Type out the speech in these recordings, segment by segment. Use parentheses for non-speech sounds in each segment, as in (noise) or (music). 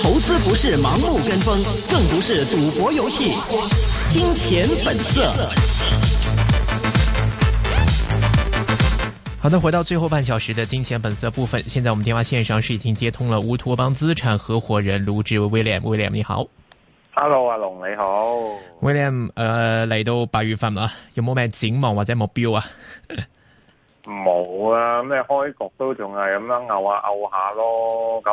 投資不是盲目跟風，更不是賭博遊戲。金錢本色，色。好的，回到最後半小時的金錢本色部分。現在我們電話線上是已經接通了烏托邦資產合伙人盧志威，William。William，William, 你好。Hello，阿龍，你好。William，呃，來到八月份啊，有冇咩展望或者目標啊？冇啊，咩開局都仲係咁樣拗下拗下咯，咁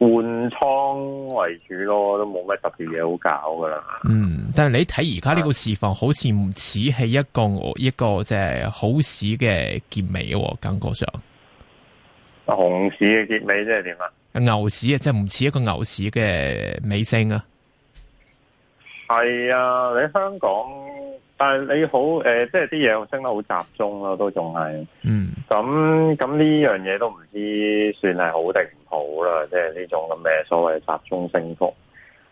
換倉為主咯，都冇咩特別嘢好搞噶啦。嗯，但係你睇而家呢個市況，好似唔似係一個、啊、一個即係好市嘅結尾喎、啊，感覺上。熊市嘅結尾即係點啊？牛市啊，即係唔似一個牛市嘅尾聲啊。係啊，你香港。但係你好，誒、呃，即係啲嘢升得好集中咯，都仲係，嗯，咁咁呢樣嘢都唔知算係好定唔好啦，即係呢種咁嘅所謂集中升幅，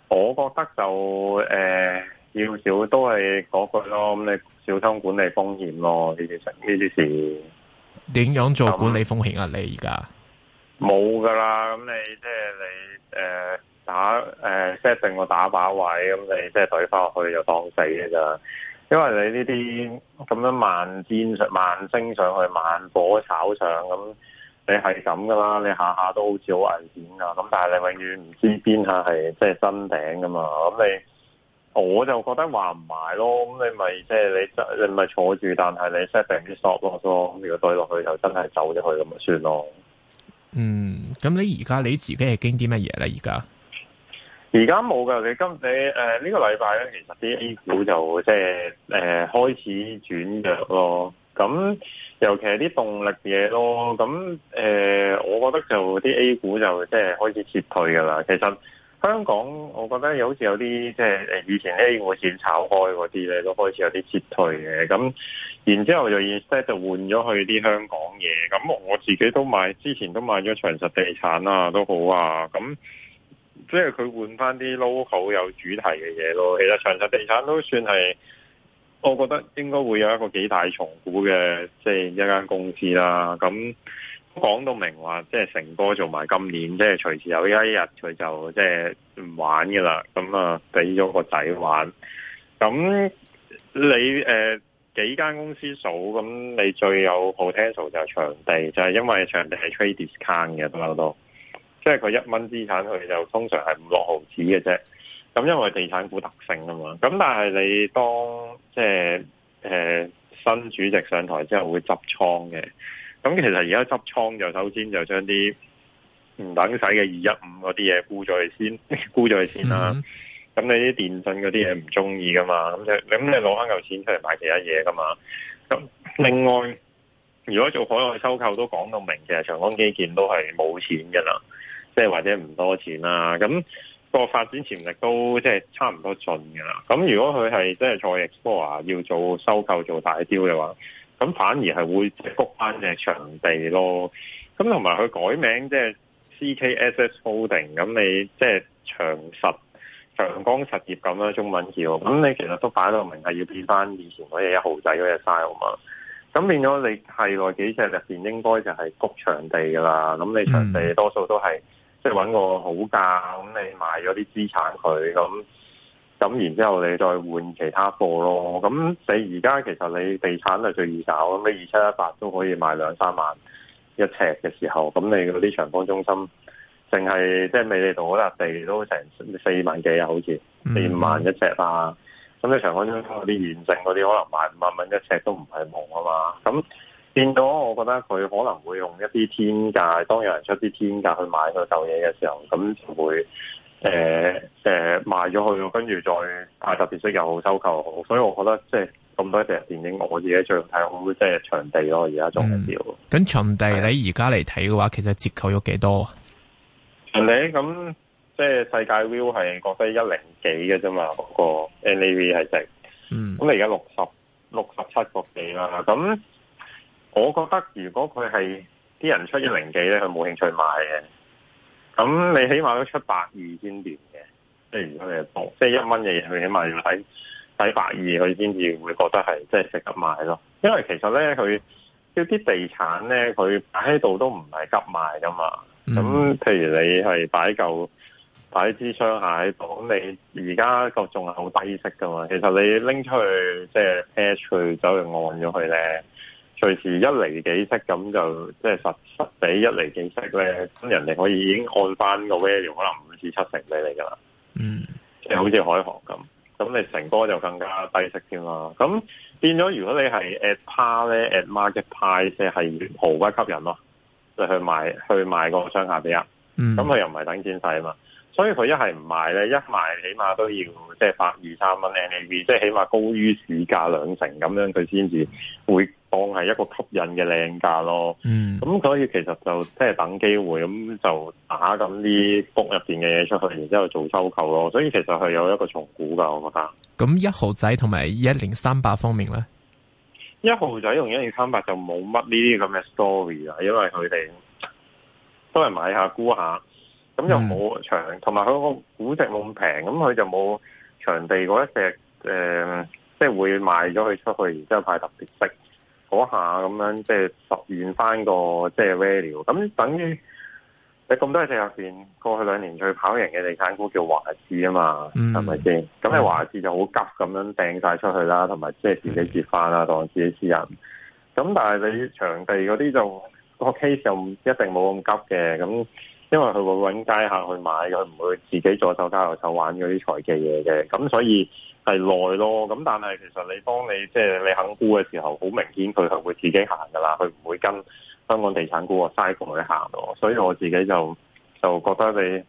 我覺得就誒、呃、要少都係嗰句咯，咁你小心管理風險咯，呢啲事，呢啲事點樣做管理風險啊？你而家冇噶啦，咁你即係、就是、你誒、呃、打誒 set、呃、定個打靶位，咁你即係懟翻落去就當死嘅咋。因為你呢啲咁樣慢戰上、慢升上去、慢火炒上，咁你係咁噶啦，你下下都好似好危險噶。咁但係你永遠唔知邊下係即係真頂噶嘛。咁你我就覺得話唔買咯。咁你咪即係你你咪坐住，但係你 set 定啲 stop loss 咯。如果對落去就真係走咗去咁咪算咯。嗯，咁你而家你自己係驚啲乜嘢咧？而家？而家冇噶，你今你誒呢個禮拜咧，其實啲 A 股就即係誒開始轉弱咯。咁尤其係啲動力嘢咯。咁誒、呃，我覺得就啲 A 股就即係開始撤退噶啦。其實香港，我覺得好似有啲即係誒以前 A 股先炒開嗰啲咧，都開始有啲撤退嘅。咁然之後就意識就換咗去啲香港嘢。咁我自己都買，之前都買咗長實地產啊，都好啊。咁即係佢換翻啲 local 有主題嘅嘢咯，其實長實地產都算係，我覺得應該會有一個幾大重估嘅，即係一間公司啦。咁講到明話，即係成哥做埋今年，即係隨時有一日佢就即係唔玩嘅啦。咁啊，俾咗個仔玩。咁你誒幾間公司數，咁你最有 potential 就係長地，就係因為長地係 trade discount 嘅咁好都。即係佢一蚊資產，佢就通常係五六毫子嘅啫。咁因為地產股特性啊嘛。咁但係你當即係誒、呃、新主席上台之後會執倉嘅。咁其實而家執倉就首先就將啲唔等使嘅二一五嗰啲嘢沽咗去先，沽咗去先啦。咁、mm -hmm. 你啲電信嗰啲嘢唔中意噶嘛？咁就咁你攞翻嚿錢出嚟買其他嘢噶嘛？咁另外，如果做海外收購都講到明，其實長江基建都係冇錢噶啦。即係或者唔多錢啦，咁個發展潛力都即係差唔多盡㗎啦。咁如果佢係即係再 explore 啊要做收購做大 deal 嘅話，咁反而係會谷返隻場地咯。咁同埋佢改名即係、就是、CKSS Holding，咁你即係長實長江實業咁樣，中文叫咁你其實都擺到明係要變翻以前嗰隻一號仔嗰隻 style 嘛。咁變咗你係內幾隻入邊應該就係谷場地㗎啦。咁你場地多數都係、嗯。 (music) 即係揾個好價，咁你賣咗啲資產佢，咁咁然之後你再換其他貨咯。咁你而家其實你地產係最易搞，咁你二七一八都可以賣兩三萬一尺嘅時候，咁你嗰啲長江中心只是，淨係即係美利道嗰笪地都成四萬幾啊，好似四五萬一尺啊。咁、mm -hmm. 你長江中心嗰啲現正嗰啲，可能賣五萬蚊一尺都唔係冇啊嘛。咁變咗，我覺得佢可能會用一啲天價，當有人出啲天價去買佢舊嘢嘅時候，咁就會誒誒賣咗去，跟住再派特別息又收購，所以我覺得即係咁多隻電影，我自己最睇會唔會即係場地咯。而家仲係要。咁、嗯、場地的你而家嚟睇嘅話，其實折扣有幾多少？你咁即係世界 view 係降低一零幾嘅啫嘛，嗰、那個 N A V 係值。嗯。咁你而家六十六十七個幾啦，咁。我覺得如果佢係啲人出一零幾咧，佢冇興趣買嘅。咁你起碼都出百二先掂嘅。譬如佢係房，即、即係、一蚊嘅嘢，佢起碼要喺喺百二佢先至會覺得係即係值得買咯。因為其實咧，佢啲地產咧，佢擺喺度都唔係急賣噶嘛。咁、嗯、譬如你係擺嚿擺支箱鞋喺度，咁你而家個仲係好低息噶嘛。其實你拎出去即係 p a s 出去走去按咗佢咧。隨時一厘幾息咁就即係十十比一厘幾息咧，咁人哋可以已經按翻個 value 可能五至七成俾你噶啦。嗯，即係好似海航咁，咁你成波就更加低息添啦。咁變咗，如果你係 at par 咧、mm.，at market 派即係毫不吸引咯。你去買去買個商下啲啊。咁、mm. 佢又唔係等錢使啊嘛，所以佢一係唔賣咧，一賣起碼都要即係百二三蚊 NAB，即係起碼高於市價兩成咁樣，佢先至會。當係一個吸引嘅靚價咯，咁所以其實就即係等機會，咁就打緊啲 book 入邊嘅嘢出去，然之後做收購咯。所以其實佢有一個重估噶，我覺得。咁一號仔同埋一零三八方面咧，一號仔同一零三八就冇乜呢啲咁嘅 story 啊，因為佢哋都係買下估下，咁又冇場，同埋佢個估值冇咁平，咁佢就冇場地嗰一隻，誒、呃，即係會賣咗佢出去，然之後派特別息。嗰下咁樣即係實現翻個即係 value，咁等於你咁多隻入邊過去兩年最跑贏嘅地產股叫華資啊嘛，係咪先？咁、嗯、你華資就好急咁樣掟晒出去啦，同埋即係自己接翻啦，當自己私人。咁但係你場地嗰啲就、個 case 就一定冇咁急嘅，咁因為佢會揾街客去買，佢唔會自己左手交右手玩嗰啲財技嘢嘅，咁所以。係耐咯，咁但係其實你當你即係你肯沽嘅時候，好明顯佢係會自己行噶啦，佢唔會跟香港地產股嘅 cycle 去行咯。所以我自己就就覺得你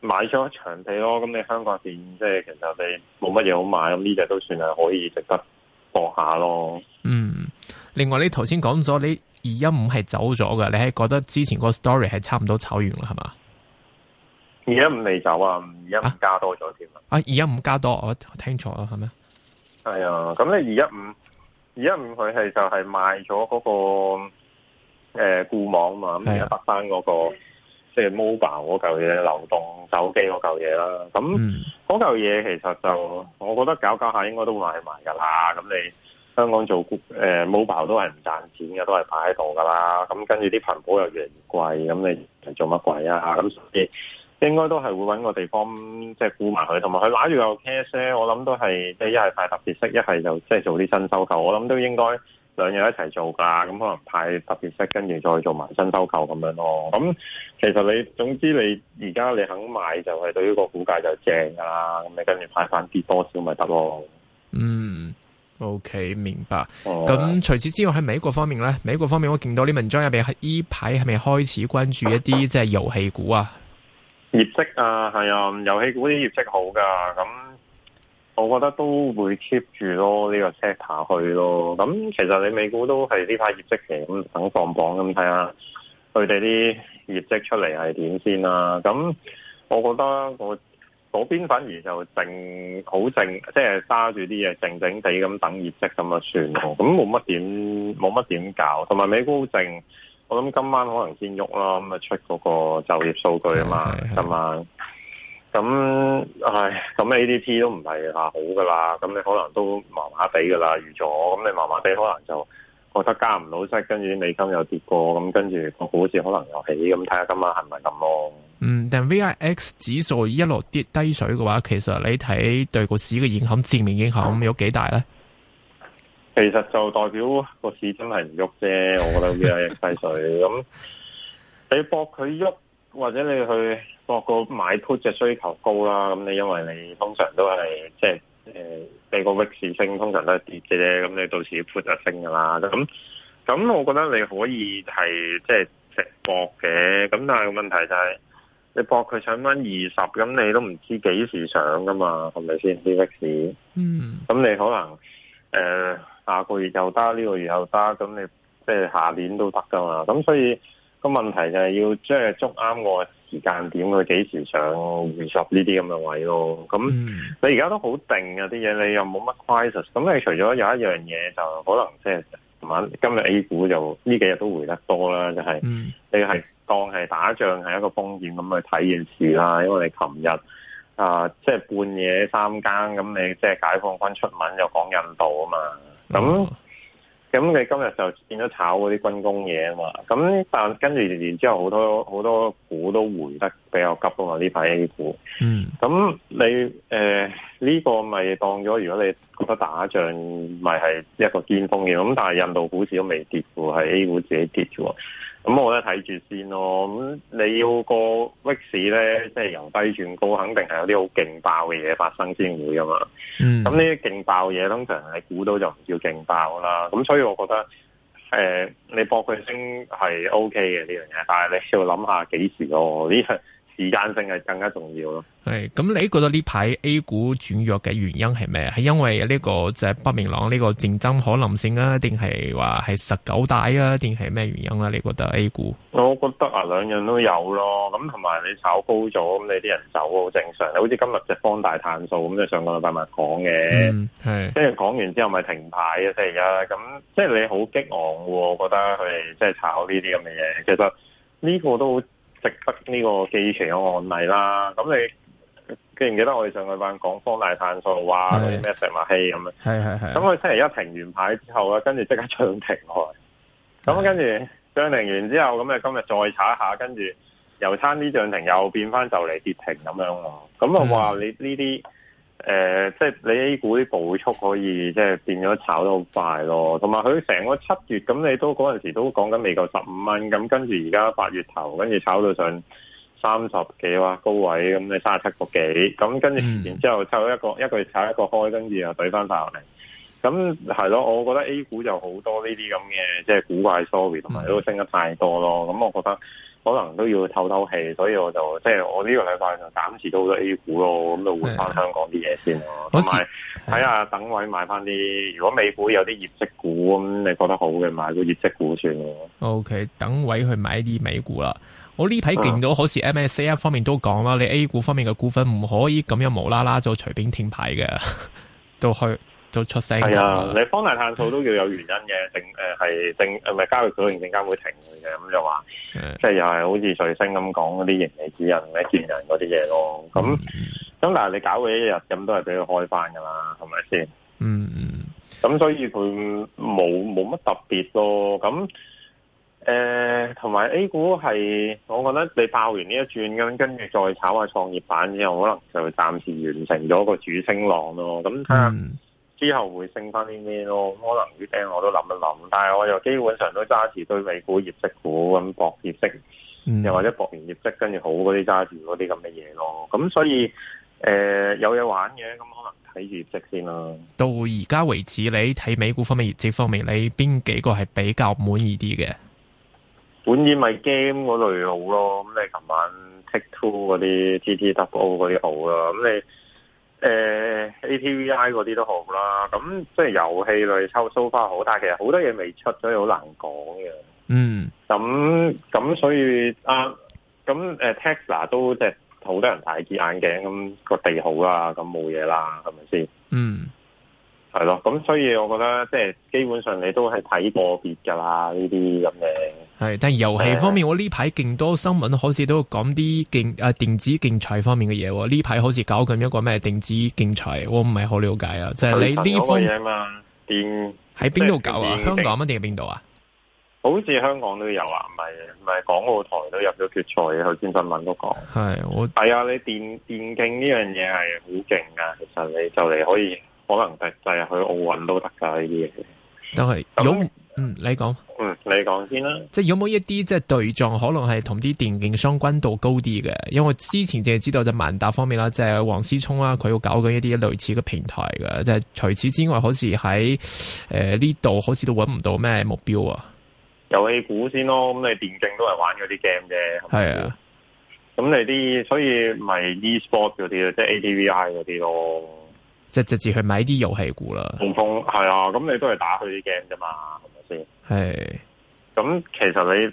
買咗長地咯，咁你香港電即係其實你冇乜嘢好買，咁呢隻都算係可以值得搏下咯。嗯，另外你頭先講咗你二一五係走咗㗎，你係覺得之前個 story 係差唔多炒完啦係嘛？二一五未走啊，二一五加多咗添啊！啊，二一五加多，我聽錯啦，係咪？係啊，咁你二一五，二一五佢係就係賣咗嗰個誒固網嘛，咁又得翻嗰個即係 mobile 嗰嚿嘢，流動手機嗰嚿嘢啦。咁嗰嚿嘢其實就我覺得搞搞下應該都會賣埋噶啦。咁你香港做誒 mobile 都係唔賺錢嘅，都係擺喺度噶啦。咁跟住啲頻譜又越嚟越貴，咁你做乜貴啊？咁所以。應該都係會搵個地方，即係估埋佢。同埋佢拿住個 cash 咧，我諗都係即係一係派特別息，一係就即係做啲新收購。我諗都應該兩樣一齊做噶。咁可能派特別息，跟住再做埋新收購咁樣咯。咁其實你總之你而家你肯買就係對呢個股價就正噶啦。咁你跟住派翻啲多少咪得咯。嗯，OK，明白。咁、哦、除此之外喺美國方面咧，美國方面我見到啲文章入邊係呢排係咪開始關注一啲即係遊戲股啊？ (laughs) 業績啊，係啊，遊戲股啲業績好噶咁我覺得都會 keep 住咯，呢個 set 下去咯。咁其實你美股都係呢排業績期，咁等放榜咁睇下佢哋啲業績出嚟係點先啦，啊。咁我覺得我嗰邊反而就靜，好靜，即係揸住啲嘢，靜靜地咁等業績咁啊算咯。咁冇乜點，冇乜點搞，同埋美股好靜。我諗今晚可能先喐啦，咁啊出嗰個就業數據啊嘛，今晚。咁唉，咁 ADP 都唔係話好噶啦，咁你可能都麻麻地噶啦，預咗。咁你麻麻地可能就覺得加唔到息，跟住美金又跌過，咁跟住股市可能又起。咁睇下今晚係咪咁咯。嗯，但 VIX 指數一路跌低水嘅話，其實你睇對個市嘅影響正面影響有幾大咧？ (music) 其實就代表個市真係唔喐啫，我覺得越樣嘢細水咁。你博佢喐，或者你去博個買 put 嘅需求高啦。咁你因為你通常都係即係誒、呃，你個 Vix 升，通常都係跌嘅啫。咁你到時 put 就升噶啦。咁咁，我覺得你可以係即係直博嘅。咁但係個問題就係、是，你博佢上翻二十，咁你都唔知幾時上噶嘛？係咪先啲 Vix？嗯，咁你可能誒。呃下個月又得，呢、這個月又得，咁你即係下年都得噶嘛？咁所以個問題就係要即係捉啱個時間點，去幾時上回吸呢啲咁嘅位咯？咁你而家都好定啊啲嘢，你又冇乜 crisis。咁你除咗有一樣嘢就可能即係琴晚今日 A 股就呢幾日都回得多啦，就係、是、你係當係打仗係一個風險咁去睇件事啦。因為你琴日啊即係半夜三更咁，你即係解放軍出門又講印度啊嘛。咁咁你今日就變咗炒嗰啲軍工嘢啊嘛，咁但跟住然之後好多好多股都回得比較急啊嘛。呢排 A 股，嗯，咁你誒呢個咪當咗如果你覺得打仗咪係、就是、一個巔峰嘅，咁但係印度股市都未跌，附係 A 股自己跌啫喎。咁我咧睇住先咯，咁你要個 VIX 咧，即係由低轉高，肯定係有啲好勁爆嘅嘢發生先會噶嘛。咁呢啲勁爆嘢，通常係估到就唔叫勁爆啦。咁所以我覺得，誒、呃，你博佢升係 OK 嘅呢樣嘢，但係你要諗下幾時咯呢？哦時間性係更加重要咯。係，咁你覺得呢排 A 股轉弱嘅原因係咩？係因為呢個就係不明朗呢個競爭可能性啊，定係話係十九大啊，定係咩原因咧，啊？你覺得 A 股？我覺得啊，兩樣都有咯。咁同埋你炒高咗，咁你啲人走好正常。你好似今日隻方大炭素咁，即係上個禮拜咪講嘅，係即係講完之後咪停牌啊，即係而家咁。即、就、係、是、你好激昂嘅，我覺得佢哋即係炒呢啲咁嘅嘢。其實呢個都很值得呢個基期嘅案例啦，咁你記唔記得我哋上個班講方大碳素話嗰啲咩石墨氣咁樣？係係係。咁佢星期一停完牌之後咧，跟住即刻漲停開，咁跟住漲停完之後，咁啊今日再查一下，跟住油餐啲漲停又變翻就嚟跌停咁樣喎，咁啊話你呢啲。誒、呃，即係你 A 股啲步速可以即係變咗炒得好快咯，同埋佢成個七月咁，咁你都嗰陣時都講緊未夠十五蚊，咁跟住而家八月頭，跟住炒到上三十幾蚊高位，咁你三十七個幾，咁跟住然之後，後抽一個一個月炒一個開，跟住又懟翻晒落嚟，咁係咯，我覺得 A 股就好多呢啲咁嘅即係古怪 story，同埋都升得太多咯，咁、嗯、我覺得。可能都要透透氣，所以我就即係我呢個禮拜就減持咗好多 A 股咯，咁就換翻香港啲嘢先咯，啊，同埋睇下等位買翻啲，如果美股有啲業績股，咁你覺得好嘅買個業績股算咯。O、okay, K，等位去買啲美股啦。我呢排見到，啊、好似 MSCI 方面都講啦，你 A 股方面嘅股份唔可以咁樣無啦啦就隨便停牌嘅， (laughs) 到去。都出聲係啊！你方大碳素都要有原因嘅，正誒係正誒，唔係交易所，連證監會停嘅，咁就話、yeah. 即係又係好似瑞星咁講嗰啲盈利指引、咩見人嗰啲嘢咯。咁咁、mm -hmm. 但係，你搞嘅一日咁都係俾佢開翻噶啦，係咪先？嗯嗯。咁所以佢冇冇乜特別咯。咁誒，同、呃、埋 A 股係，我覺得你爆完呢一轉咁，跟住再炒下創業板之後，可能就暫時完成咗個主升浪咯。咁睇下。Mm -hmm. 之後會升翻啲咩咯？可能啲聽我都諗一諗，但係我又基本上都揸住對美股業績股咁搏業績，又或者搏完業績跟住好嗰啲揸住嗰啲咁嘅嘢咯。咁所以誒、呃、有嘢玩嘅，咁可能睇業績先啦。到而家為止，你睇美股方面業績方面，你邊幾個係比較滿意啲嘅？本意咪 game 嗰類好咯，咁你琴晚 Take Two 嗰啲 G T W 嗰啲好啦，咁你。誒、呃、ATVI 嗰啲都好啦，咁即係遊戲類抽蘇花好，但係其實好多嘢未出了也很，mm. 所以好難講嘅。嗯，咁咁所以啊，咁誒，Tesla 都即係好多人戴住眼鏡，咁個地好啦，咁冇嘢啦，係咪先？嗯、mm.，係咯，咁所以我覺得即係基本上你都係睇個別噶啦，呢啲咁嘅。係，但係遊戲方面，嗯、我呢排勁多新聞，好似都講啲勁啊電子競賽方面嘅嘢。呢排好似搞緊一個咩電子競賽，我唔係好了解啊。就係、是、你呢方嘢嘛，電喺邊度搞啊？香港乜定係邊度啊？好似香港都有啊，唔係港澳台都入咗決賽，頭先新聞都講。係我係啊、哎，你電電競呢樣嘢係好勁呀。其實你就嚟可以可能第第日去奧運都得噶呢啲嘢。都係、嗯、有嗯，你講嗯，你講先啦。即係有冇一啲即係對象可能係同啲電競相關度高啲嘅？因為我之前淨係知道就萬達方面啦，即係王思聰啦，佢要搞緊一啲類似嘅平台嘅。即、就、係、是、除此之外，好似喺誒呢度，好似都揾唔到咩目標啊？遊戲股先咯，咁你電競都係玩嗰啲 game 啫。係啊，咁你啲所以咪 e-sport 嗰啲即係、就是、ATVI 嗰啲咯。即係直接去買啲遊戲股啦。同風係啊，咁你都係打佢啲 game 啫嘛，係咪先？係，咁其實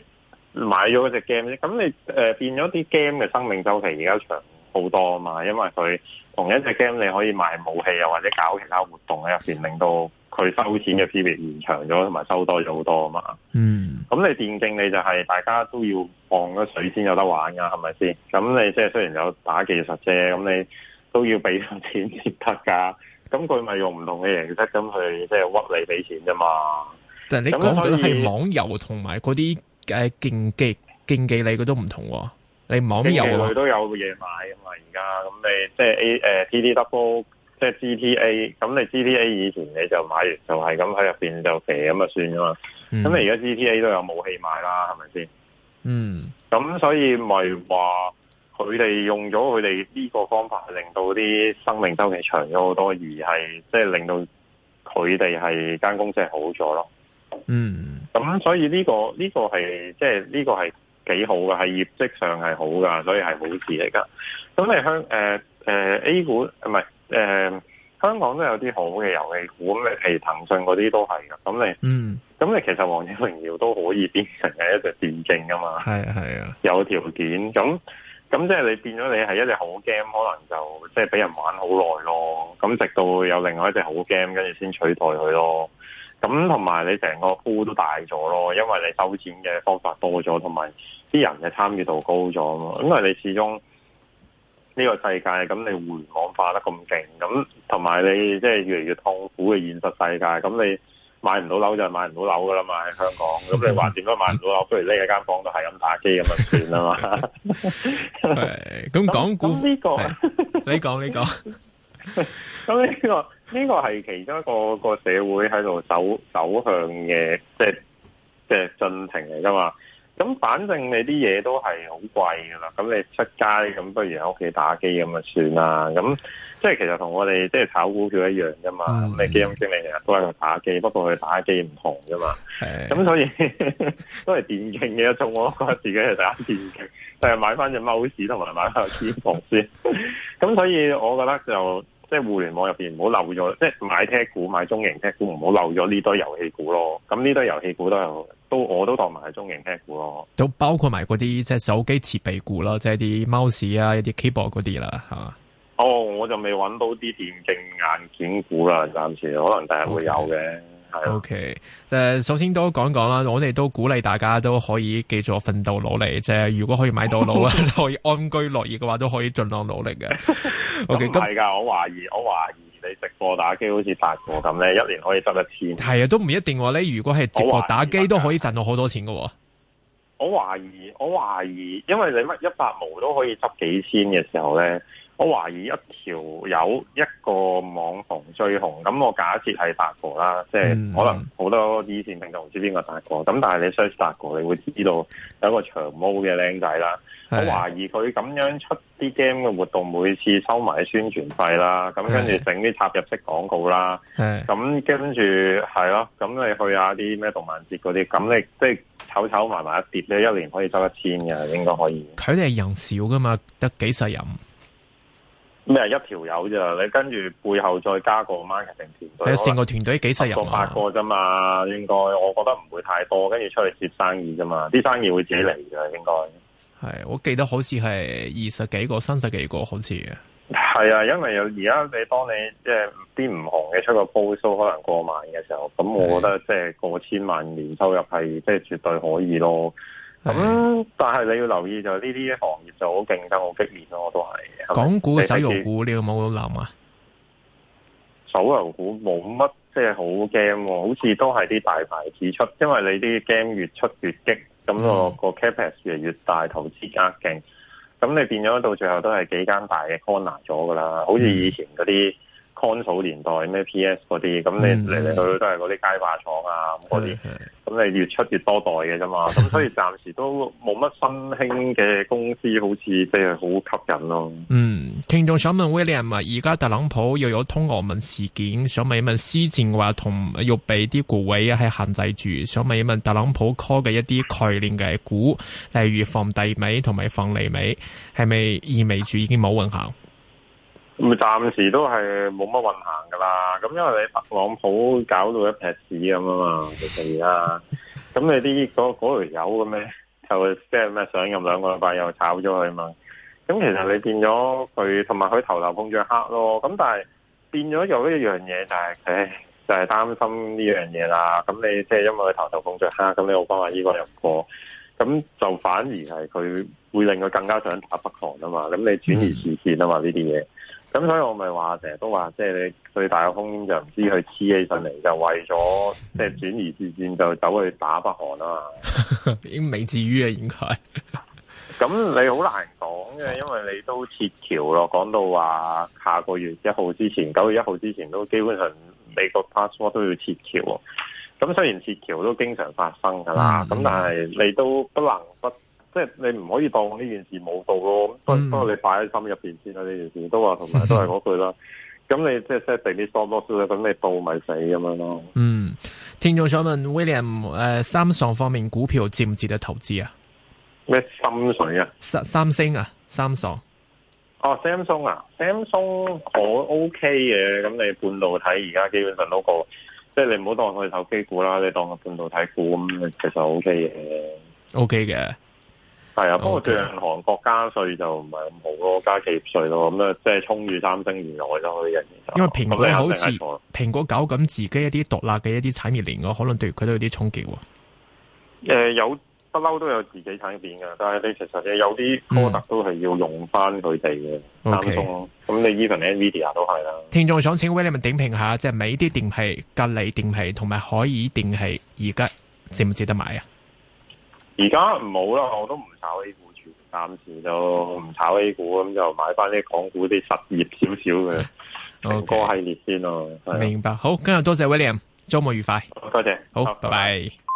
你買咗嗰隻 game，咁你誒、呃、變咗啲 game 嘅生命週期而家長好多啊嘛，因為佢同一隻 game 你可以賣武器又或者搞其他活動喺入邊，令到佢收錢嘅 period 延長咗，同埋收多咗好多啊嘛。嗯。咁你電競你就係大家都要放咗水先有得玩噶，啊，係咪先？咁你即係雖然有打技術啫，咁你。都要俾份錢先得噶，咁佢咪用唔同嘅形式，咁去，即係屈你俾錢啫嘛。但係你講都係網遊同埋嗰啲誒競技競技你都唔同。你網遊佢都有嘢買啊嘛，而家咁你即係 A 誒 P D W，即係 G T A，咁你 G T A 以前你就買完就係咁喺入邊就射咁啊算啊嘛。咁、嗯、你而家 G T A 都有武器買啦，係咪先？嗯，咁所以咪話。佢哋用咗佢哋呢個方法，令到啲生命周期長咗好多，而係即係令到佢哋係間公司係好咗咯。嗯，咁所以呢個呢個係即係呢個係幾好噶，係業績上係好噶，所以係好事嚟噶。咁你香誒誒 A 股唔係誒香港都有啲好嘅遊戲股，咩？譬如騰訊嗰啲都係噶。咁你嗯，咁你其實王者榮耀都可以變成係一隻電競噶嘛？係啊係啊，有條件咁。咁即係你變咗你係一隻好 game，可能就即係俾人玩好耐咯。咁直到有另外一隻好 game，跟住先取代佢咯。咁同埋你成個鋪都大咗咯，因為你收錢嘅方法多咗，同埋啲人嘅參與度高咗咯。因為你始終呢個世界咁，你互聯網化得咁勁，咁同埋你即係越嚟越痛苦嘅現實世界，咁你。買唔到樓就係買唔到樓噶啦嘛，喺香港。咁你， (laughs) 你話點解買唔到樓，不如匿一間房都係咁打機咁啊算啦嘛。咁講古呢個，你講你講。咁呢個呢個係其中一個一個社會喺度走走向嘅，即係即係進程嚟噶嘛。咁反正你啲嘢都係好貴噶啦，咁你出街咁不如喺屋企打機咁啊算啦。咁即係其實同我哋即係炒股票一樣㗎嘛。咁、嗯、你基金經理日日都喺度打機，不過佢打機唔同㗎嘛。咁所以 (laughs) 都係電競嘅，一種我自己係打電競，係買翻隻 mouse 同埋買返個鍵盤先。咁 (laughs) (laughs) 所以我覺得就即係、就是、互聯網入邊唔好漏咗，即、就、係、是、買 tech 股、買中型 tech 股，唔好漏咗呢堆遊戲股咯。咁呢堆遊戲股都係。都我都當埋係中型股咯，都包括埋嗰啲即係手機設備股啦，即係啲 mouse 啊，一啲 keyboard 嗰啲啦，係嘛？哦，我就未搵到啲電競硬件股啦，暫時可能第日會有嘅。係、okay。啊。O K，誒，首先都講講啦，我哋都鼓勵大家都可以繼續奮鬥努力即係。如果可以買到樓啊， (laughs) (laughs) 可以安居樂業嘅話，都可以盡量努力嘅。O K，咁唔係噶，我懷疑，我懷疑。你直播打機好似發過咁咧，一年可以執一千，係啊，都唔一定話咧。如果係直播打機都可以賺到好多錢噶，我懷疑，我懷疑，因為你乜一百毛都可以執幾千嘅時候呢。我懷疑一條有一個網紅最紅，咁我假設係達哥啦，即係可能好多以前平台唔知邊個達哥，咁、嗯、但係你 search 達哥，你會知道有一個長毛嘅靚仔啦。我懷疑佢咁樣出啲 game 嘅活動，每次收埋宣傳費啦，咁跟住整啲插入式廣告啦，咁跟住係咯，咁你去下啲咩動漫節嗰啲，咁你即係炒炒埋埋一碟咧，一年可以收一千嘅，應該可以。佢哋人少噶嘛，得幾十人。咩一條友啫？你跟住背後再加個 marketing 團隊，有成個團隊幾十人啊？個八個啫嘛，應該我覺得唔會太多，跟住出去接生意啫嘛。啲生意會自己嚟㗎，應該係。我記得好似係二十幾個、三十幾個好，好似係啊，因為有而家你當你即係啲唔紅嘅出個 post，可能過萬嘅時候，咁我覺得即係過千萬年收入係即係絕對可以咯。咁、 (noise) 嗯，但係你要留意就呢啲行業就好競爭好激烈咯，我都係。港股嘅手遊股，是是你有冇諗啊？手遊股冇乜，即係好驚，好似都係啲大牌子出，因為你啲 game 越出越激，咁、嗯，那個個 capex 越嚟越大，投資額勁，咁你變咗到最後都係幾間大嘅 corner 咗噶啦，好似以前嗰啲。嗯康草年代咩 PS 嗰啲，咁你嚟嚟去去都係嗰啲街霸廠啊、嗰啲，咁你越出越多代嘅啫嘛。咁所以暫時都冇乜新興嘅公司，好似即係好吸引咯、啊。嗯，聽眾想問 William 啊，而家特朗普又有通俄門事件，想問一問施政話同要俾啲股位啊，係限制住，想問一問特朗普 call 嘅一啲概念嘅股，例如房地美同埋房利美，係咪意味住已經冇運行？咪暫時都係冇乜運行噶啦，咁因為你特朗普搞到一撇屎咁啊嘛，地啊，咁你啲嗰條友咁咧，就即係咩上任兩個禮拜又炒咗佢嘛，咁其實你變咗佢同埋佢頭頭碰着黑咯，咁但係變咗有一樣嘢就係，唉、哎，就係、是、擔心呢樣嘢啦。咁你即係、就是、因為佢頭頭碰着黑，咁你好辦法依個入貨，咁就反而係佢會令佢更加想打北韓啊嘛，咁你轉移視線啊嘛呢啲嘢。嗯這些東西。咁所以我咪話成日都話，即係你最大嘅風險就唔知佢黐起上嚟，就為咗即係轉移視線，就走去打北韓啊嘛，應未至於啊應該。咁 (laughs) 你好難講嘅，因為你都撤僑咯，講到話下個月一號之前，九月一號之前都基本上美國 passport 都要撤僑。咁雖然撤僑都經常發生噶啦，咁、啊、但係你都不能不。即係 (music) 你唔可以當呢件事冇到咯，不、嗯、都你擺喺心入邊先啦呢件事。都話同埋都係嗰句啦。咁 (laughs) 你即係 set 定啲 short loss，等你報咪死咁樣咯。嗯，聽眾想問 William 誒、呃，三爽方面股票值唔值得投資啊？咩三爽啊？三三星啊？三爽？哦，Samsung 啊，Samsung、啊啊啊啊、我 OK 嘅。咁你半導體而家基本上都好，即、就、係、是、你唔好當佢係手機股啦，你當個半導體股咁，其實 OK 嘅，OK 嘅。係啊，不過最近韓國加稅就唔係咁好咯，加企業稅咯，咁咧即係充裕三星以外咯啲嘢。因為蘋果好似蘋果搞咁自己一啲獨立嘅一啲產業鏈，可能對佢都有啲衝擊。誒、呃，有不嬲都有自己產品嘅，但係你其實有啲 m 特都係要用翻佢哋嘅，咁你 Even Nvidia 都係啦。聽眾想請 w i l 點評下，即係美啲電器、格力電器同埋海爾電器，而家值唔值得買啊？而家唔好啦，我都唔炒 A 股住，暫時就唔炒 A 股，咁就買翻啲港股啲實業少少嘅，個系列先咯。Okay. Yeah. 明白，好，今日多謝 William，周末愉快。多謝，好，Okay. 拜拜。